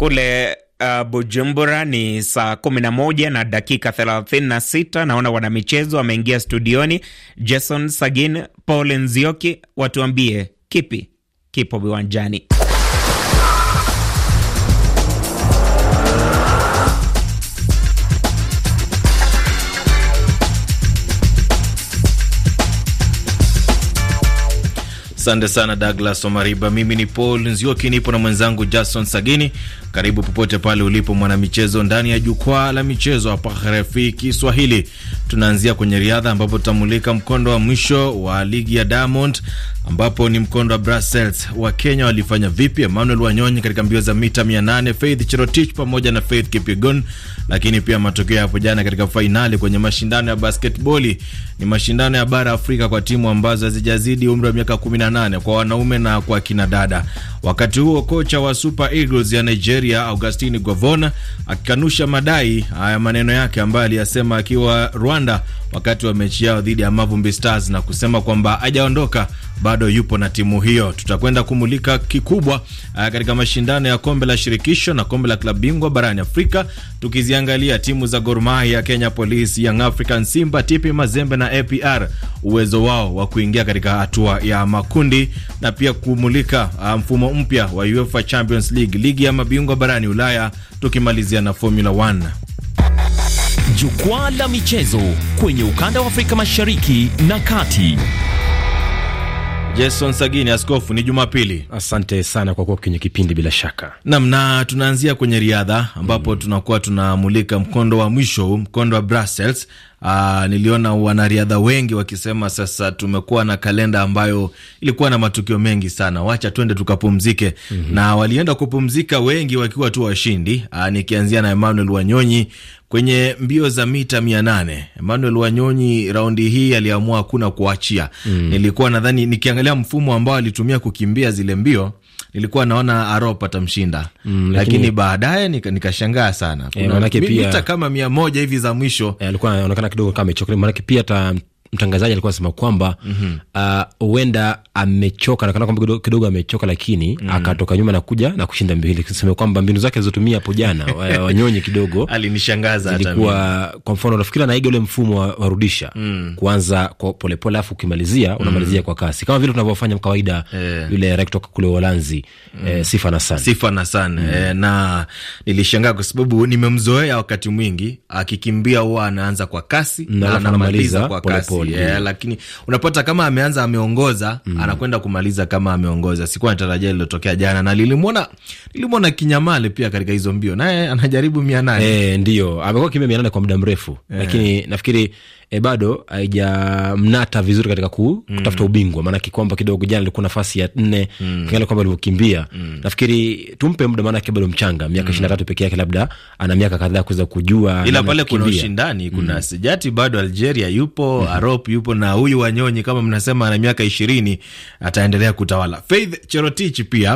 Kule uh, Bujumbura ni saa 11 na dakika 36. Naona wanamichezo wameingia studioni. Jason Sagin, Paul Nzioki, watuambie kipi kipo viwanjani. Asante sana Douglas Omariba. Mimi ni Paul Nzioki, nipo na mwenzangu Jason Sagini. Karibu popote pale ulipo mwanamichezo, ndani ya jukwaa la michezo hapa RFI Kiswahili. Tunaanzia kwenye riadha, ambapo tutamulika mkondo wa mwisho wa ligi ya Diamond ambapo ni mkondo wa Brussels. Kenya walifanya vipi? Emmanuel Wanyonyi katika mbio za mita 800, Faith Cherotich pamoja na Faith Kipyegon. Lakini pia matokeo hapo jana katika fainali kwenye mashindano ya basketboli, ni mashindano ya bara Afrika kwa timu ambazo hazijazidi umri wa miaka 18 kwa wanaume na kwa kina dada. Wakati huo kocha wa Super Eagles ya Nigeria Augustine Gavona akikanusha madai haya, maneno yake ambayo aliyasema akiwa Rwanda wakati wa mechi yao dhidi ya Mavumbi Stars na kusema kwamba hajaondoka bado yupo na timu hiyo. Tutakwenda kumulika kikubwa uh, katika mashindano ya kombe la shirikisho na kombe la klabu bingwa barani Afrika, tukiziangalia timu za Gor Mahia, Kenya Police, Young African, Simba, TP Mazembe na APR, uwezo wao wa kuingia katika hatua ya makundi na pia kumulika uh, mfumo mpya wa UEFA Champions League, ligi ya mabingwa barani Ulaya, tukimalizia na Formula 1. Jukwaa la michezo kwenye ukanda wa Afrika Mashariki na Kati. Jason Sagini, askofu, ni Jumapili. Asante sana kwa kuwa kwenye kipindi. Bila shaka nam, na tunaanzia kwenye riadha ambapo mm, tunakuwa tunamulika mkondo wa mwisho, mkondo wa Brussels. Aa, niliona wanariadha wengi wakisema sasa tumekuwa na kalenda ambayo ilikuwa na matukio mengi sana, wacha tuende tukapumzike. mm -hmm. Na walienda kupumzika wengi wakiwa tu washindi, nikianzia na Emmanuel Wanyonyi Kwenye mbio za mita mia nane Emmanuel Wanyonyi raundi hii aliamua hakuna kuachia. Mm. Nilikuwa nadhani nikiangalia mfumo ambao alitumia kukimbia zile mbio nilikuwa naona Arop atamshinda mm, lakini, lakini baadaye nikashangaa nika sana. Eh, Kuna e, pia, mita kama mia moja hivi za mwisho e, alikuwa anaonekana kidogo kama icho, maanake pia ta mtangazaji alikuwa anasema kwamba mhm. uh, huenda mm -hmm. uh, amechoka nakana kwamba kidogo amechoka, lakini mm -hmm. akatoka nyuma na kuja na kushinda mbio hili, kusema kwamba mbinu zake alizotumia hapo jana wanyonye kidogo alinishangaza. Ilikuwa kwa mfano, nafikiri anaiga ule mfumo wa warudisha mm. -hmm. kuanza kwa polepole, alafu ukimalizia mm. unamalizia mm. -hmm. kwa kasi kama vile tunavyofanya kawaida eh. yule rai kutoka kule Uholanzi mm. -hmm. eh, sifa na sana sifa na sana mm. -hmm. eh, na nilishangaa kwa sababu nimemzoea wakati mwingi akikimbia huwa anaanza kwa kasi na, na anamaliza kwa kasi yeah, lakini unapata kama ameanza ameongoza mm. anakwenda kumaliza kama ameongoza. Sikuwa anatarajia lilotokea jana, na nilimwona nilimwona Kinyamale pia katika hizo mbio, naye anajaribu mia nane eh, ndio amekuwa kimia mia nane kwa muda mrefu eh. lakini nafikiri e, bado haijamnata vizuri katika ku, mm. kutafuta ubingwa, maanake kwamba kidogo jana alikuwa nafasi ya nne mm. kingale kwamba alivyokimbia mm. nafikiri tumpe muda, maanake bado mchanga miaka mm. ishirini na tatu peke yake, labda ana miaka kadhaa kuweza kujua, ila pale kuna ushindani, kuna mm. Sejati bado Algeria yupo mm. Arop yupo na huyu Wanyonyi kama mnasema ana miaka ishirini ataendelea kutawala. Faith Cherotich pia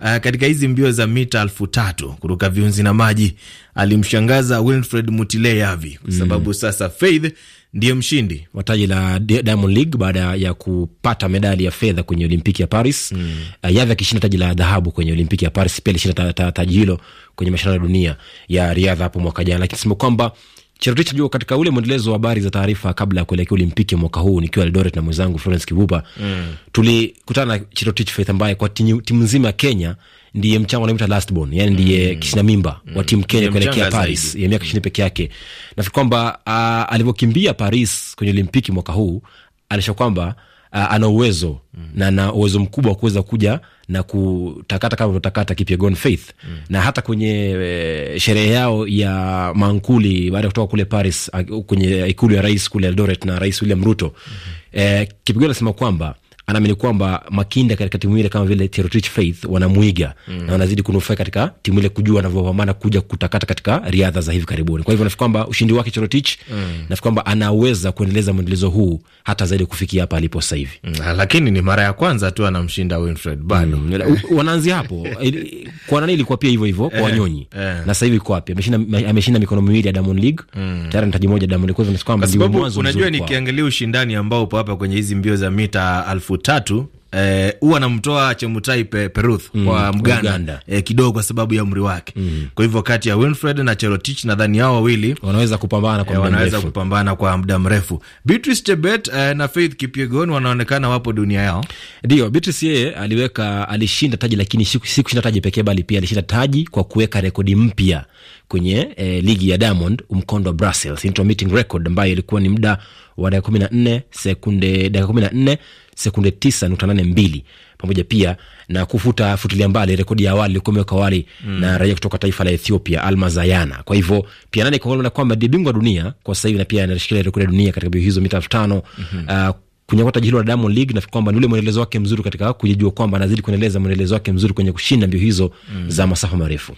uh, katika hizi mbio za mita elfu tatu kuruka viunzi na maji alimshangaza Wilfred Mutile Yavi kwa mm. sababu mm. sasa Faith ndiyo mshindi wa taji la Diamond League baada ya kupata medali ya fedha kwenye Olimpiki ya Paris mm. Uh, akishinda taji la dhahabu kwenye Olimpiki ya Paris, pia alishinda taji hilo kwenye mashindano ya dunia ya riadha hapo mwaka jana, lakini sema kwamba Cherotich jua katika ule mwendelezo wa habari za taarifa kabla ya kuelekea Olimpiki mwaka huu, nikiwa Eldoret na mwenzangu Florence Kibuba mm. tulikutana na Cherotich Faith ambaye kwa timu nzima ya Kenya ndiye mchanga anaitwa last born, yani ndiye mm. kishina mimba mm. wa timu Kenya kuelekea Paris ya miaka 20 peke yake. Nafikiri kwamba uh, alivyokimbia Paris kwenye Olimpiki mwaka huu alisha kwamba uh, ana uwezo mm. na na uwezo mkubwa wa kuweza kuja na kutakata kama unatakata Kipyegon Faith mm. na hata kwenye e, sherehe yao ya mankuli baada ya kutoka kule Paris ah, kwenye ikulu ya rais kule Eldoret na Rais William Ruto mm -hmm. e, Kipyegon anasema kwamba anaamini kwamba makinda katika timu ile kama vile Terotich Faith wanamwiga mm. na wanazidi kunufaika katika timu ile kujua wanavyopambana kuja kutakata katika riadha za hivi karibuni. Kwa hivyo nafikiri kwamba ushindi wake Terotich mm. nafikiri kwamba anaweza kuendeleza mwendelezo huu hata zaidi kufikia hapa alipo sasa hivi mm. lakini ni mara ya kwanza tu anamshinda Winfred bado mm. wanaanzia hapo kwa nani ilikuwa pia hivyo hivyo kwa eh, Wanyonyi eh, eh. na sasa hivi kwa wapi? Ameshinda, ameshinda mikono miwili ya Diamond League mm. tayari ni taji moja Diamond League. Kwa hivyo nafikiri kwamba ndio mwanzo. Unajua, nikiangalia ushindani ambao upo hapa kwenye hizi mbio za mita elfu elfu tatu eh, huwa e, anamtoa Chemutai pe, Peruth mm, kwa Mganda, Mganda. E, kidogo kwa sababu ya umri wake mm. Kwa hivyo kati ya Winfred na Cherotich nadhani hao wawili wanaweza kupambana kwa, e, wanaweza kupambana kwa muda mrefu. Beatrice Chebet e, na Faith Kipyegon wanaonekana wapo dunia yao. Ndio, Beatrice yeye aliweka alishinda taji, lakini si kushinda taji pekee, bali pia alishinda taji kwa kuweka rekodi mpya kwenye e, ligi ya Diamond, mkondo wa Brussels, Intermitting record ambayo ilikuwa ni muda wa dakika kumi na nne sekunde dakika kumi na nne sekunde tisa nukta nane mbili pamoja pia na kufuta futilia mbali rekodi ya awali ilikuwa imewekwa awali mm. na raia kutoka taifa la Ethiopia Almazayana. Kwa hivyo pia nani kwa kwamba ndiye bingwa dunia kwa sasa hivi na pia anashikilia rekodi ya dunia katika mbio hizo mita elfu tano mm -hmm. uh, kunyakua taji hilo la Diamond League, nafikiri kwamba ni ule mwendelezo wake mzuri katika kujijua kwamba anazidi kuendeleza mwendelezo wake mzuri kwenye kushinda mbio hizo mm. za masafa marefu.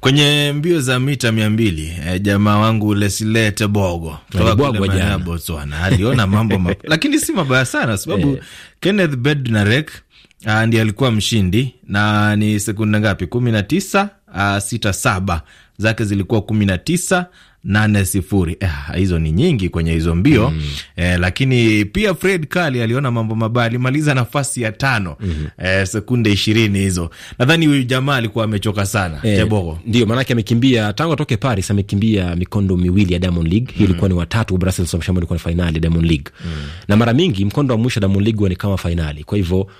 Kwenye mbio za mita mia mbili e, jamaa wangu Lesile Tebogo Botswana aliona mambo mab... lakini si mabaya sana sababu eh. Kenneth Bednarek ah, ndiye alikuwa mshindi na ni sekunde ngapi, kumi na tisa uh, sita saba zake zilikuwa kumi na tisa nane sifuri. Eh, hizo ni nyingi kwenye hizo mbio mm. Eh, lakini pia Fred Kali aliona mambo mabaya, alimaliza nafasi ya tano mm -hmm. Eh, sekunde ishirini hizo. Nadhani huyu jamaa alikuwa amechoka sana eh, Tebogo ndio maanake amekimbia tangu atoke Paris, amekimbia mikondo miwili ya Diamond League hiyo mm. ilikuwa ni watatu Brussels, ilikuwa ni fainali ya Diamond League mm. na mara mingi mkondo wa mwisho Diamond League huwa ni kama fainali, kwa hivyo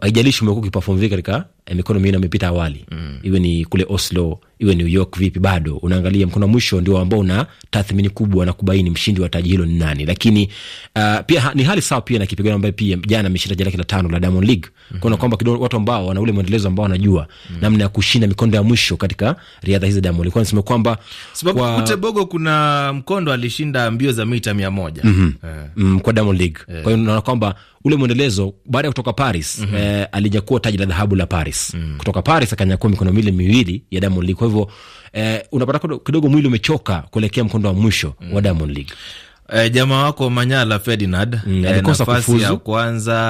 haijalishi umekuwa ukiperform vipi katika eh, mikono mingine amepita awali mm. iwe ni kule Oslo, iwe New York, vipi, bado unaangalia mkono mwisho ndio ambao una tathmini kubwa na kubaini mshindi wa taji hilo ni nani. Lakini uh, pia ni hali sawa pia na kipigano ambaye pia jana ameshinda taji lake la tano la Diamond League kuona kwamba watu ambao wana ule mwendelezo ambao wanajua mm -hmm. namna ya kushinda mikondo ya mwisho katika riadha hizi Diamond. Nilikuwa nisema kwamba sababu kwa... kute Bogo kuna mkondo alishinda mbio za mita mia moja mm -hmm. yeah. mm, kwa Diamond League yeah. kwa hiyo naona kwamba ule mwendelezo baada ya kutoka Paris mm -hmm. eh, alinyakua taji la dhahabu la Paris mm -hmm. kutoka Paris akanyakua mikono mili miwili ya Diamond League. Kwa hivyo eh, unapata kidogo mwili umechoka kuelekea mkondo wa mwisho mm -hmm. wa Diamond League. Uh, jamaa wako Manyala Ferdinand mm, e, nafasi kufuzu ya kwanza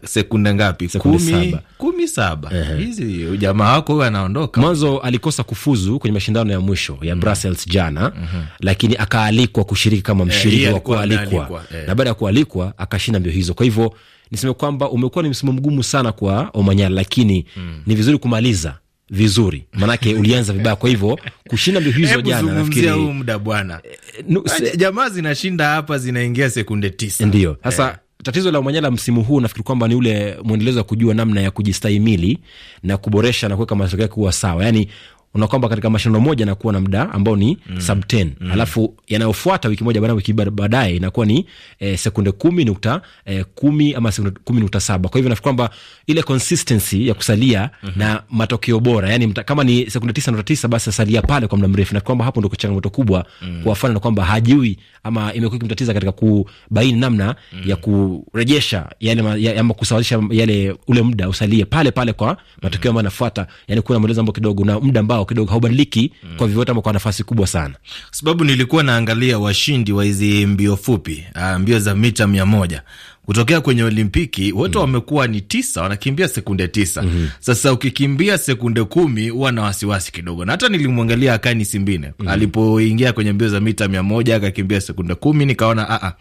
uh, sekunde ngapi? kumi saba, kumi saba. Hizi jamaa wako huyo anaondoka. Mwanzo alikosa kufuzu kwenye mashindano ya mwisho ya mm. Brussels jana mm -hmm. Lakini akaalikwa kushiriki kama eh, mshiriki eh, wa kualikwa eh. Na baada ya kualikwa akashinda mbio hizo, kwa hivyo niseme kwamba umekuwa ni msimu mgumu sana kwa Omanyala, lakini mm. ni vizuri kumaliza vizuri manake ulianza vibaya. Kwa hivyo kushinda mbio hizo jana, nafikiri huu muda bwana, eh, jamaa zinashinda hapa, zinaingia sekunde tisa, ndio eh. sasa yeah. Tatizo la Umanyala msimu huu nafikiri kwamba ni ule mwendelezo wa kujua namna ya kujistahimili na kuboresha na kuweka matokeo yake kuwa sawa. Yani unakwamba katika mashindano moja nakuwa na mda ambao ni mm. sub 10 mm. alafu yanayofuata wiki moja baada wiki baadaye inakuwa ni eh, sekunde kumi nukta e, kumi ama sekunde kumi nukta saba kwa hivyo nafikiri kwamba ile consistency ya kusalia mm -hmm. na matokeo bora yani mta, kama ni sekunde tisa nukta tisa basi asalia pale kwa muda mrefu nafikiri kwamba hapo ndo changamoto kubwa mm. kuwafana na kwamba hajui ama imekuwa ikimtatiza katika kubaini namna mm. ya kurejesha yale ya, ama kusawazisha yale ule muda usalie pale pale kwa matokeo mm. ambayo mm. anafuata yani kuna na maelezo ambao kidogo na muda ambao wao kidogo haubadiliki mm. kwa vyovyote ama kwa nafasi kubwa sana, sababu nilikuwa naangalia washindi wa hizi mbio fupi, ah, mbio za mita mia moja kutokea kwenye Olimpiki wote mm. wamekuwa ni tisa, wanakimbia sekunde tisa. mm -hmm. Sasa ukikimbia sekunde kumi huwa na wasiwasi kidogo, na hata nilimwangalia Akani Simbine mm -hmm. alipoingia kwenye mbio za mita mia moja akakimbia sekunde kumi, nikaona ah, ah,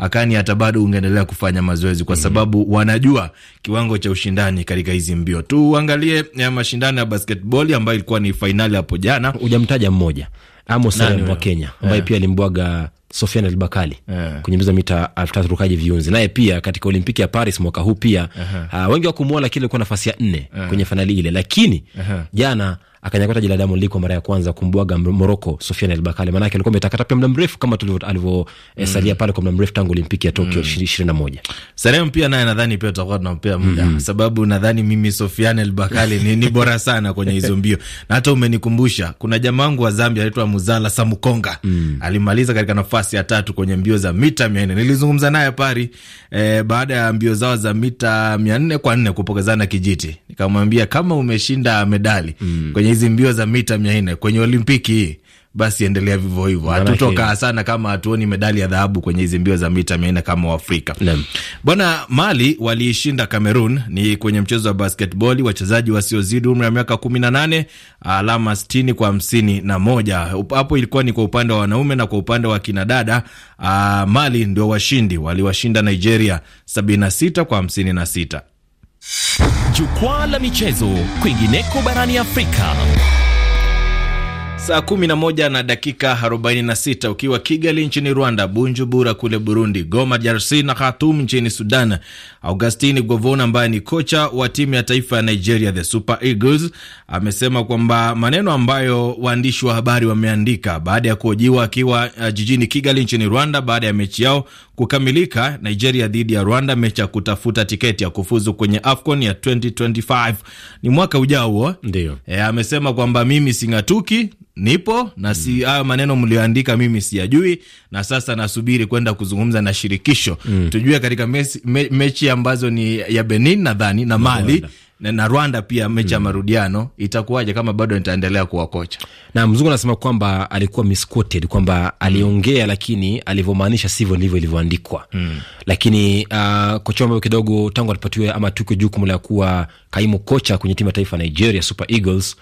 Akani hata bado ungeendelea kufanya mazoezi kwa mhm. sababu wanajua kiwango cha ushindani katika hizi mbio. Tuangalie eh, mashindano ya basketball ambayo ilikuwa ni fainali hapo jana. Hujamtaja mmoja Amos Serem wa Kenya ambaye yeah, pia alimbwaga Sofian Albakali yeah, kwenye mbizo mita elfu tatu rukaji viunzi, naye pia katika Olimpiki ya Paris mwaka huu pia uh -huh. Uh, wengi wakumwona lakini alikuwa nafasi ya nne uh eh. -huh. kwenye fainali ile, lakini uh -huh. jana akanyakota jina la Diamond League kwa mara ya kwanza kumbwaga Morocco Sofiane El Bakkali, Maana yake alikuwa ametakata pia muda mrefu kama alivyosalia eh, mm. pale kwa muda mrefu tangu Olimpiki ya Tokyo 2021. Mm. Salem pia naye nadhani pia tutakuwa tunampea muda mm. sababu nadhani mimi Sofiane El Bakkali ni, ni bora sana kwenye hizo mbio, na hata umenikumbusha kuna jamaa wangu wa Zambia anaitwa Muzala Samukonga mm. alimaliza katika nafasi ya tatu kwenye mbio za mita 400. Nilizungumza naye pari eh, baada ya mbio zao za mita 400 kwa 4 kupokezana kijiti, nikamwambia kama umeshinda medali mm. kwenye hizi mbio za mita mia nne kwenye Olimpiki hii basi endelea vivyo hivyo, hatutoka sana kama hatuoni medali ya dhahabu kwenye hizi mbio za mita mia nne kama Waafrika. Bwana, Mali waliishinda Cameroon ni kwenye mchezo wa basketball, wachezaji wasiozidi umri wa miaka kumi na nane, alama sitini kwa hamsini na moja. Hapo ilikuwa ni kwa upande wa wanaume na kwa upande wa kinadada ah, Mali ndio washindi, waliwashinda Nigeria sabini na sita kwa hamsini na sita jukwaa la michezo kwingineko barani Afrika. Saa 11 na dakika 46 ukiwa Kigali nchini Rwanda, Bujumbura kule Burundi, Goma DRC na Khartoum nchini Sudan, Augustine Govon ambaye ni kocha wa timu ya taifa ya Nigeria the Super Eagles amesema kwamba maneno ambayo waandishi wa habari wameandika baada ya kuhojiwa akiwa uh, jijini Kigali nchini Rwanda baada ya mechi yao kukamilika Nigeria dhidi ya Rwanda, mechi ya kutafuta tiketi ya kufuzu kwenye AFCON ya 2025 ni mwaka ujao huo, oh. ndio e, amesema kwamba mimi sing'atuki, nipo na mm-hmm. si hayo mm. maneno mlioandika mimi siyajui, na sasa nasubiri kwenda kuzungumza na shirikisho mm. tujue katika mechi, me, mechi mechi ambazo ni ya Benin nadhani na Mali na, na Rwanda pia mechi ya mm. marudiano itakuwaje kama bado nitaendelea kuwa kocha? Na mzungu anasema kwamba alikuwa misquoted kwamba hmm. aliongea, lakini alivyomaanisha sivyo ndivyo ilivyoandikwa hmm. Lakini uh, kocha ambayo kidogo tangu alipatiwa ama tuko jukumu la kuwa kaimu kocha kwenye timu ya taifa Nigeria Super Eagles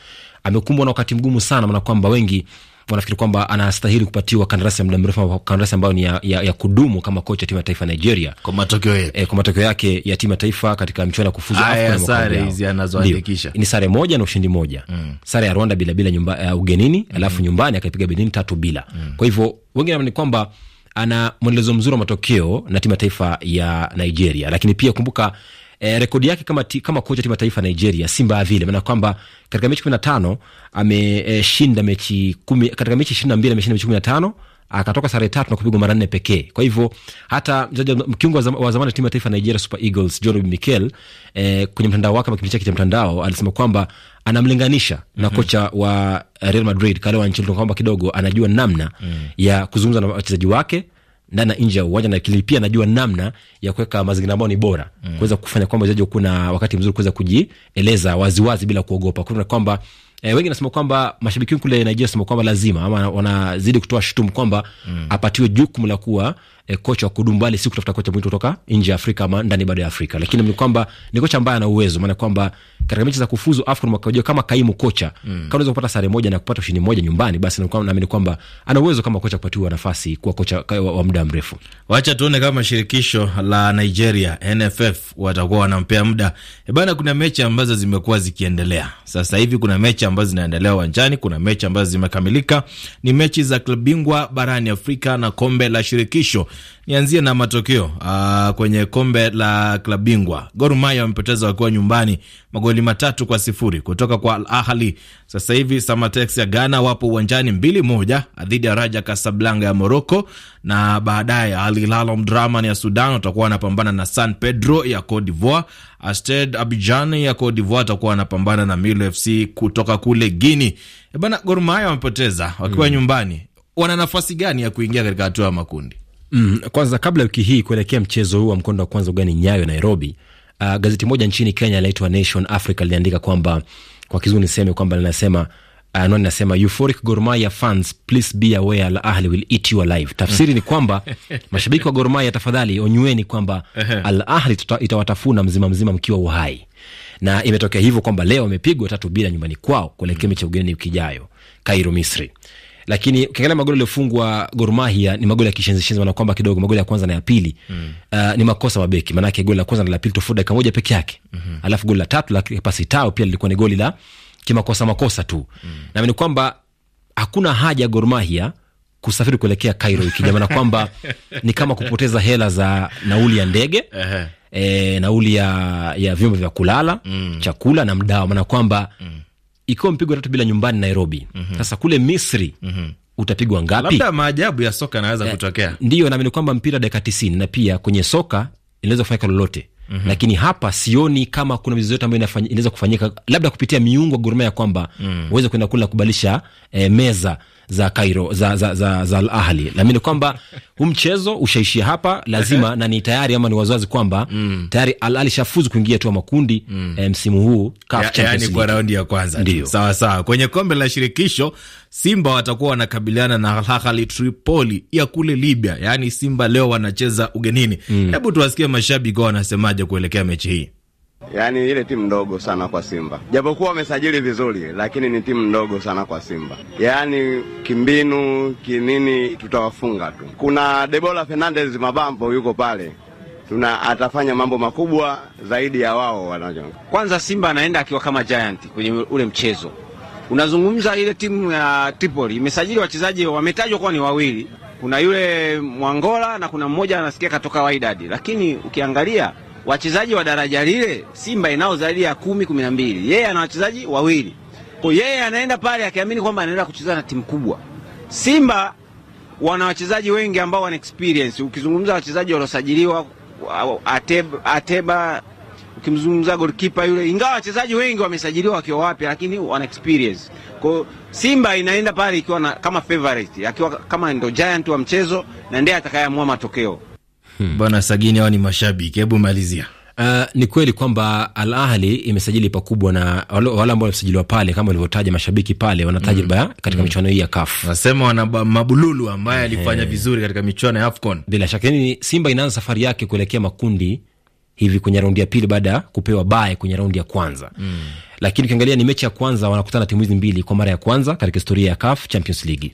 amekumbwa na wakati mgumu sana, maana kwamba wengi wanafikiri kwamba anastahili kupatiwa kandarasi ya muda mrefu, kandarasi ambayo ni ya, ya, ya kudumu kama kocha timu ya taifa Nigeria, kwa matokeo yake eh, kwa matokeo yake ya timu ya taifa katika mchuano kufuzu AFCON. Sare hizi anazoandikisha ni sare moja na ushindi moja mm. sare ya Rwanda bila bila nyumba, uh, ugenini mm. alafu nyumbani akapiga Benin tatu bila mm. kwa hivyo wengine ni kwamba ana mwendelezo mzuri wa matokeo na timu ya taifa ya Nigeria, lakini pia kumbuka eh, rekodi yake kama, kama kocha timu ya taifa Nigeria si mbaya vile, maana kwamba katika mechi 15 ameshinda eh, e, mechi 10, katika mechi ishirini na mbili ameshinda mechi kumi na tano akatoka sare tatu na kupigwa mara nne pekee. Kwa hivyo hata mchezaji mkiungo wa zamani timu ya taifa Nigeria Super Eagles John Obi Mikel eh, kwenye mtandao wake ama kipindi chake cha mtandao alisema kwamba anamlinganisha mm -hmm. na mhm. kocha wa Real Madrid Carlo Ancelotti kwamba kidogo anajua namna mm -hmm. ya kuzungumza na wachezaji wake ndani na nje ya uwanja, na kili pia najua namna ya kuweka mazingira ambayo ni bora mm. kuweza kufanya kwamba wachezaji kuna wakati mzuri kuweza kujieleza waziwazi bila kuogopa kuna kwamba E, wengi nasema kwamba mashabiki kule Nigeria sema kwamba lazima ama wanazidi kutoa shutumu kwamba mm. apatiwe jukumu la kuwa eh, kocha wa kudumbali si kutafuta kocha mwingine kutoka nje ya Afrika ama ndani bado ya Afrika, lakini ni kwamba ni kocha ambaye ana uwezo, maana kwamba katika mechi za kufuzu AFCON mwaka ujao kama kaimu kocha mm, kama unaweza kupata sare moja na kupata ushindi moja nyumbani, basi naamini kwamba ana uwezo kama kocha kupatiwa nafasi kuwa kocha wa, wa muda mrefu. Wacha tuone kama shirikisho la Nigeria NFF watakuwa wanampea muda eh, bana. Kuna mechi ambazo zimekuwa zikiendelea sasa hivi, kuna mechi ambazo zinaendelea uwanjani, kuna mechi ambazo zimekamilika, ni mechi za klabu bingwa barani Afrika na kombe la shirikisho Nianzie na matokeo uh, ah, kwenye kombe la klabu bingwa Gor Mahia wamepoteza wakiwa nyumbani magoli matatu kwa sifuri kutoka kwa Al Ahly. Sasa hivi Samatex ya Ghana wapo uwanjani mbili moja ah, dhidi ya Raja Kasablanga ya Moroko, na baadaye Al Hilal Omdurman ya Sudan watakuwa wanapambana na San Pedro ya Cote d'Ivoire. Asted Abidjan ya Cote d'Ivoire atakuwa wanapambana na Milo FC kutoka kule Guini. Eh, bana, Gor Mahia wamepoteza wakiwa mm. nyumbani. Wana nafasi gani ya kuingia katika hatua ya makundi? Mm, kwanza kabla wiki hii kuelekea mchezo huu wa mkondo wa kwanza ugani Nyayo Nairobi, uh, gazeti moja nchini Kenya laitwa Nation Africa liliandika kwamba kwa kizungu niseme kwamba linasema uh, anwani nasema euphoric Gor Mahia fans please be aware Al Ahli will eat you alive. Tafsiri ni kwamba mashabiki wa Gor Mahia, tafadhali onyweni kwamba Al Ahli itawatafuna mzima mzima mkiwa uhai, na imetokea hivyo kwamba leo wamepigwa tatu bila nyumbani kwao kuelekea mm. mechi ya ugeni wiki ijayo Kairo, Misri lakini ukiangalia magoli aliyofungwa Gor Mahia ni magoli ya kishenzishenzi, maana kwamba kidogo magoli ya kwanza na ya pili mm. uh, ni makosa mabeki, maanake goli la kwanza na la pili tofauti dakika moja peke yake mm -hmm. alafu goli la tatu la pasi tao pia lilikuwa ni goli la kimakosa makosa tu mm. ni kwamba hakuna haja ya Gor Mahia kusafiri kuelekea Cairo ikija, maana kwamba ni kama kupoteza hela za nauli ya ndege uh-huh. E, nauli ya, ya vyombo vya kulala mm. chakula na mdawa, maana kwamba mm ikiwa mpigwa tatu bila nyumbani Nairobi. mm -hmm. Sasa kule Misri mm -hmm. utapigwa ngapi? Labda maajabu ya soka yanaweza eh, kutokea. Ndio, naamini kwamba mpira dakika tisini, na pia kwenye soka inaweza kufanyika lolote Mm -hmm. Lakini hapa sioni kama kuna mizozo yote ambayo inaweza kufanyika, labda kupitia miungo ya kwamba mm. uweze mm -hmm. kwenda kule na kubadilisha eh, meza za Cairo za, za, za, za Al Ahli, nami kwamba huu mchezo ushaishia hapa lazima na ni tayari ama ni waziwazi kwamba mm. tayari Al Ahli shafuzu kuingia tu makundi mm. Eh, msimu huu CAF ya, Champions League kwa raundi ya kwanza. Ndiyo. sawa sawa, kwenye kombe la shirikisho Simba watakuwa wanakabiliana na Al Ahli Tripoli ya kule Libya, yaani Simba leo wanacheza ugenini. Mm. Hebu mm. tuwasikie mashabiki wao wanasemaje kuelekea mechi hii. Yaani ile timu ndogo sana kwa Simba, japokuwa wamesajili vizuri, lakini ni timu ndogo sana kwa Simba. Yaani kimbinu kinini, tutawafunga tu. Kuna Debola Fernandez Mabambo yuko pale, tuna atafanya mambo makubwa zaidi ya wao wanajonga. Kwanza Simba anaenda akiwa kama giant kwenye ule mchezo. Unazungumza ile timu ya Tripoli imesajili wachezaji wametajwa kuwa ni wawili, kuna yule Mwangola na kuna mmoja anasikia katoka Wydad, lakini ukiangalia wachezaji wa daraja lile Simba inao zaidi ya kumi kumi na mbili, yeye ana wachezaji wawili. Kwa yeye anaenda pale akiamini kwamba anaenda kucheza na timu kubwa. Simba wana wachezaji wengi ambao wana experience. Ukizungumza wachezaji waliosajiliwa Ateba, Ateba ukimzungumza goalkeeper yule, ingawa wachezaji wengi wamesajiliwa wakiwa wapya, lakini wana experience. Kwa Simba inaenda pale ikiwa na kama favorite, akiwa kama ndo giant wa mchezo na ndiye atakayeamua matokeo. Hmm. Bwana Sagini, hawa ni mashabiki, hebu malizia. Uh, ni kweli kwamba Al Ahli imesajili pakubwa na wale ambao wamesajiliwa pale, kama walivyotaja mashabiki pale, wana tajriba hmm. mm. katika mm. michuano hii ya CAF. Nasema wana Mabululu ambaye alifanya vizuri katika michuano ya AFCON. Bila shaka ni Simba inaanza safari yake kuelekea makundi hivi kwenye raundi ya pili baada ya kupewa bae kwenye raundi ya kwanza mm. Lakini ukiangalia ni mechi ya kwanza wanakutana timu hizi mbili kwa mara ya kwanza katika historia ya CAF Champions League,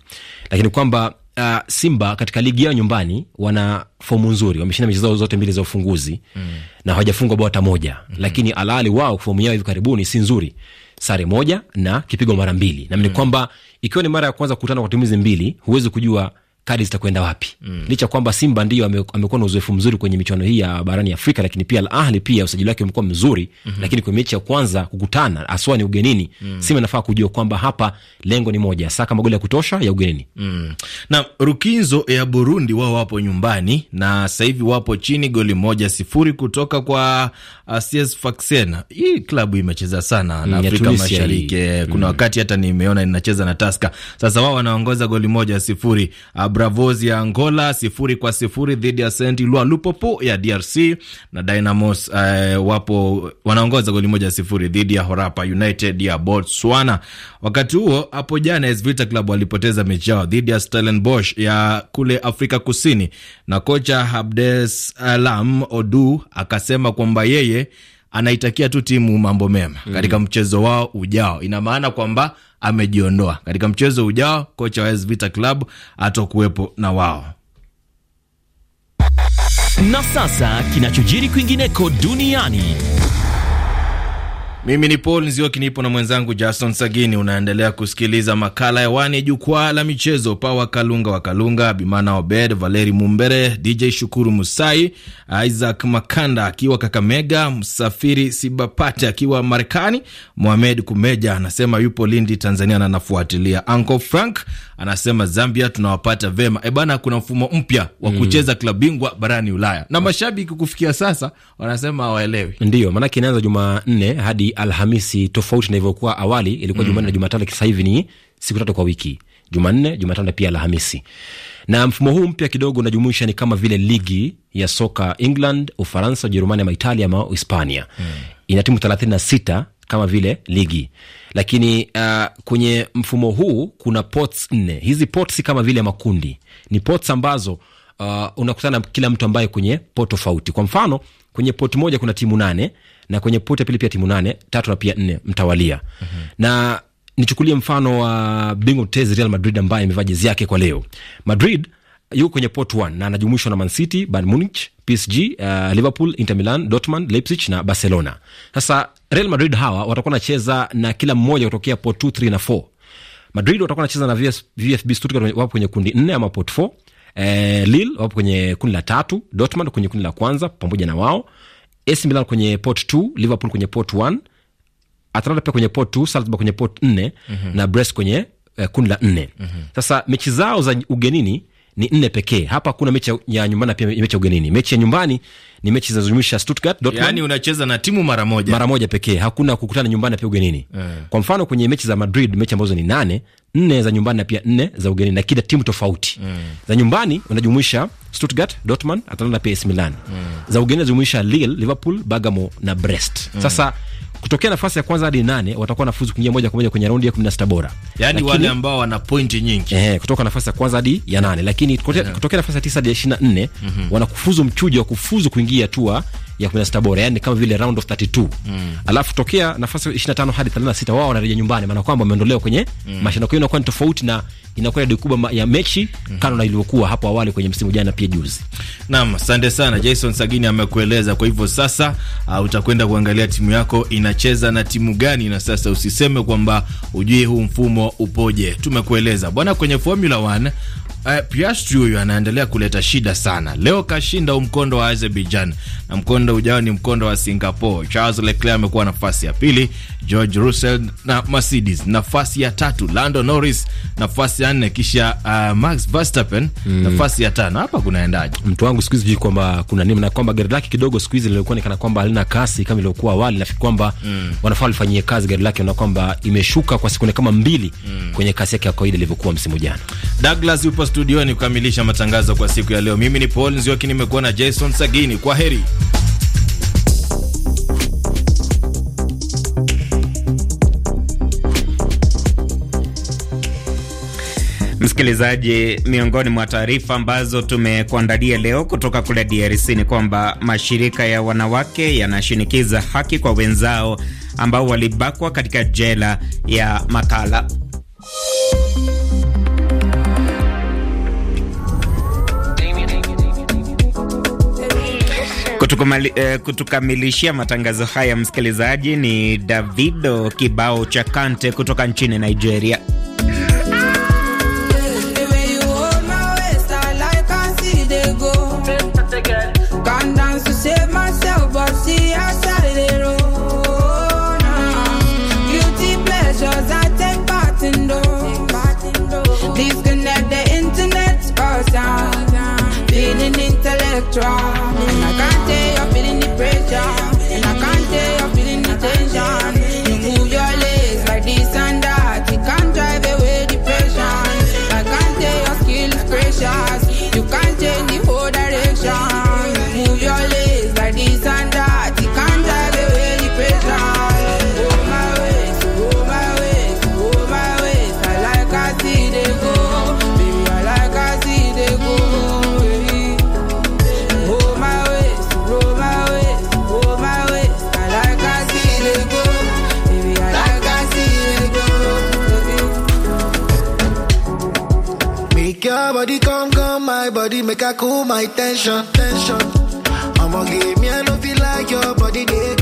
lakini kwamba uh, Simba katika ligi yao nyumbani wana fomu nzuri, wameshinda michezo zote mbili za ufunguzi mm. na hawajafungwa bao hata moja mm -hmm. lakini alaali wao fomu yao hivi karibuni si nzuri, sare moja na kipigo mara mbili, na ni mm. kwamba ikiwa ni mara ya kwanza kukutana kwa timu hizi mbili, huwezi kujua kadi zitakwenda wapi? mm. licha kwamba Simba ndio amekuwa na uzoefu mzuri kwenye michuano hii ya barani Afrika, lakini pia Al Ahli pia usajili wake umekuwa mzuri mm -hmm. lakini kwenye mechi ya kwanza kukutana aswa ni ugenini mm. Simba inafaa kujua kwamba hapa lengo ni moja, saka magoli ya kutosha ya ugenini mm. na Rukinzo ya Burundi wao wapo nyumbani na sasa hivi wapo chini goli moja sifuri kutoka kwa uh, CS Sfaxien. Hii klabu imecheza sana na mm, Afrika Mashariki, eh, kuna mm. wakati hata nimeona inacheza na Taska. Sasa wao wanaongoza goli moja sifuri uh, Bravos ya Angola sifuri kwa sifuri dhidi ya Saint Eloi Lupopo ya DRC na Dynamos uh, wapo wanaongoza goli moja sifuri dhidi ya Horapa United ya Botswana. Wakati huo hapo jana AS Vita Club walipoteza mechi yao dhidi ya Stellenbosch ya kule Afrika Kusini, na kocha Habdes Alam Odu akasema kwamba yeye anaitakia tu timu mambo mema mm, katika mchezo wao ujao. Ina maana kwamba amejiondoa katika mchezo ujao. Kocha wa AS Vita Club atokuwepo na wao. Na sasa kinachojiri kwingineko duniani mimi ni Paul Nzioki, nipo na mwenzangu Jason Sagini. Unaendelea kusikiliza makala ya wani ya jukwaa la michezo pa Wakalunga Wakalunga, Bimana Obed, Valeri Mumbere, DJ Shukuru Musai, Isaac Makanda akiwa Kakamega, Msafiri Sibapate akiwa Marekani, Mohamed Kumeja anasema yupo Lindi, Tanzania na anafuatilia. Uncle Frank anasema Zambia tunawapata vema. E bana, kuna mfumo mpya wa mm. kucheza klabu bingwa barani Ulaya na mashabiki kufikia sasa wanasema hawaelewi. Ndio maanake inaanza Jumanne hadi Alhamisi, tofauti na ilivyokuwa awali. Ilikuwa mm. Jumanne na Jumatano, sasa hivi ni siku tatu kwa wiki, Jumanne, Jumatano pia Alhamisi. Na mfumo huu mpya kidogo unajumuisha ni kama vile ligi ya soka England, Ufaransa, Ujerumani ama Italia ama Hispania mm. ina timu thelathini na sita kama vile ligi lakini uh, kwenye mfumo huu kuna pots nne. Hizi pots si kama vile makundi, ni pots ambazo uh, unakutana kila mtu ambaye kwenye pot tofauti. Kwa mfano kwenye pot moja kuna timu nane na kwenye pote pili pia timu nane tatu na pia nne mtawalia. mm -hmm. na nichukulie mfano wa uh, bingwa mtetezi Real Madrid ambaye amevaa jezi yake kwa leo. Madrid yuko kwenye pot 1 na anajumuishwa na Man City, Bayern Munich, PSG, uh, Liverpool, Inter Milan, Dortmund, Leipzig na Barcelona. Sasa Real Madrid hawa watakuwa nacheza na kila mmoja kutokea pot 2, 3 na 4. Madrid watakuwa nacheza na VS, VFB Stuttgart wapo kwenye kundi 4 ama pot 4. Eh, Lille wapo kwenye kundi la tatu, Dortmund kwenye kundi la kwanza pamoja na wao AC Milan kwenye pot 2, Liverpool kwenye pot 1, Atalanta pia kwenye pot 2, Salzburg kwenye pot 4 mm -hmm. na Brest kwenye uh, kundi la 4 mm -hmm. Sasa mechi zao za ugenini ni nne pekee. Hapa kuna mechi ya nyumbani na pia mechi ya ugenini. Mechi ya nyumbani ni mechi zinazojumuisha Stuttgart, Dortmund. Yaani unacheza na timu mara moja. Mara moja pekee. Hakuna kukutana nyumbani na pia ugenini. Mm. Kwa mfano kwenye mechi za Madrid, mechi ambazo ni nane, nne za nyumbani na pia nne za ugeni na kila timu tofauti mm. za nyumbani unajumuisha Stuttgart, Dortmund, Atalanta na PS Milan mm. za ugeni unajumuisha Lille, Liverpool, Bergamo na Brest mm. Sasa kutokea nafasi ya kwanza hadi nane watakuwa nafuzu kuingia moja kwa moja kwenye raundi ya 16 bora, yani wale ambao wana pointi nyingi eh, kutoka nafasi ya kwanza hadi ya nane. Lakini kutokea, nafasi ya tisa hadi ya 24 mm -hmm. wanakufuzu mchujo wa kufuzu kuingia hatua ya 16 bora, yani kama vile round of 32 mm. Alafu tokea nafasi 25 hadi 36 wao wanarejea nyumbani, maana kwamba wameondolewa kwenye mm. mashindano. Kwa hiyo inakuwa ni tofauti na inakuwa idadi kubwa ya mechi mm. kano na ilivyokuwa hapo awali kwenye msimu jana pia juzi. Naam, asante sana Jason Sagini amekueleza. Kwa hivyo sasa uh, utakwenda kuangalia timu yako ina anacheza na timu gani, na sasa usiseme kwamba ujui huu mfumo upoje. Tumekueleza bwana, kwenye Formula 1 Uh, eh, Piastri huyu anaendelea kuleta shida sana. Leo kashinda umkondo wa Azerbaijan, na mkondo ujao ni mkondo wa Singapore. Charles Leclerc amekuwa nafasi ya pili, George Russell na Mercedes nafasi ya tatu, Lando Norris nafasi ya nne, kisha uh, Max Verstappen mm. nafasi ya tano. Hapa kunaendaje? Mtu wangu siku hizi jui kwamba kuna nini na kwamba gari lake kidogo siku hizi lilikuwa nikana kwamba halina kasi kama ilivyokuwa awali. Nafikiri kwamba mm. wanafaa lifanyie kazi gari lake, na kwamba imeshuka kwa sekunde kama mbili mm. kwenye kasi yake ya kawaida ilivyokuwa msimu jana. Douglas yupo studioni kukamilisha matangazo kwa siku ya leo. Mimi ni Paul Nzioki, nimekuwa na Jason Sagini. Kwa heri. Msikilizaji, miongoni mwa taarifa ambazo tumekuandalia leo kutoka kule DRC ni kwamba mashirika ya wanawake yanashinikiza haki kwa wenzao ambao walibakwa katika jela ya Makala. Eh, kutukamilishia matangazo haya msikilizaji, ni Davido kibao cha Kante kutoka nchini Nigeria. make I cool my tension, tension. I'ma give me, a little feel like your body day.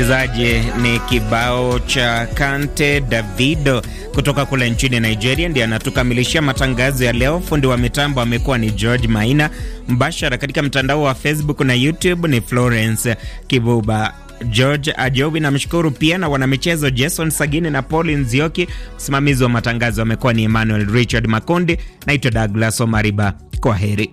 msikilizaji, ni kibao cha Kante Davido kutoka kule nchini Nigeria. Ndiye anatukamilishia matangazo ya leo. Fundi wa mitambo amekuwa ni George Maina. Mbashara katika mtandao wa Facebook na YouTube ni Florence Kibuba. George Ajobi namshukuru pia na wanamichezo Jason Sagini na Paul Nzioki. Msimamizi wa matangazo amekuwa ni Emmanuel Richard Makundi. Naitwa Douglas Omariba, kwa heri.